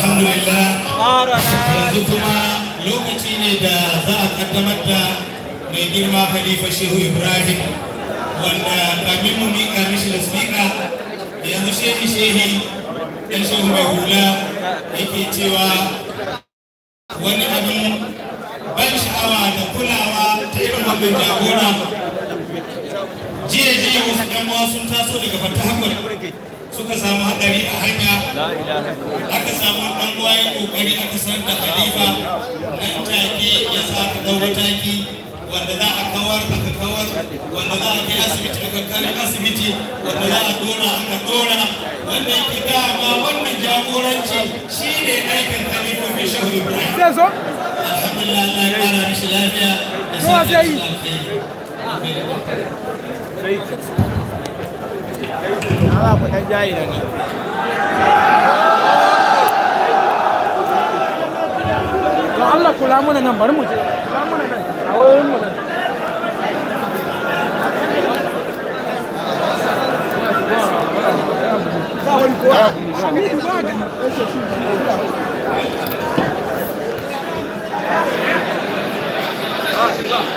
alhamdulillah yanzu kuma lokaci ne da za a kaddamar da mai girma khalifa shehu ibrahim wanda kamin mu miƙa mishi da speaker yanzu shehi shehi ɗan shehu mai hula yake cewa wani abin ban sha'awa da kulawa ta irin wannan jagora jiya jiya wasu ɗan sun taso daga fata hakwai suka samu hadari a hanya aka samu ɗan kokari aka san da halifa nan take ya sa ka dau mataki wanda za a kawar aka kawar wanda za a kai asibiti aka kai asibiti wanda za a dora aka dora wanda yake dama wannan jagoranci shi ne aikin halifofin shahu ibrahim alhamdulillah kara mishi lafiya da sa Allah ku dan jayi da ni to Allah kula muna nan bari mu je kula muna nan a wurin mu nan Ah, c'est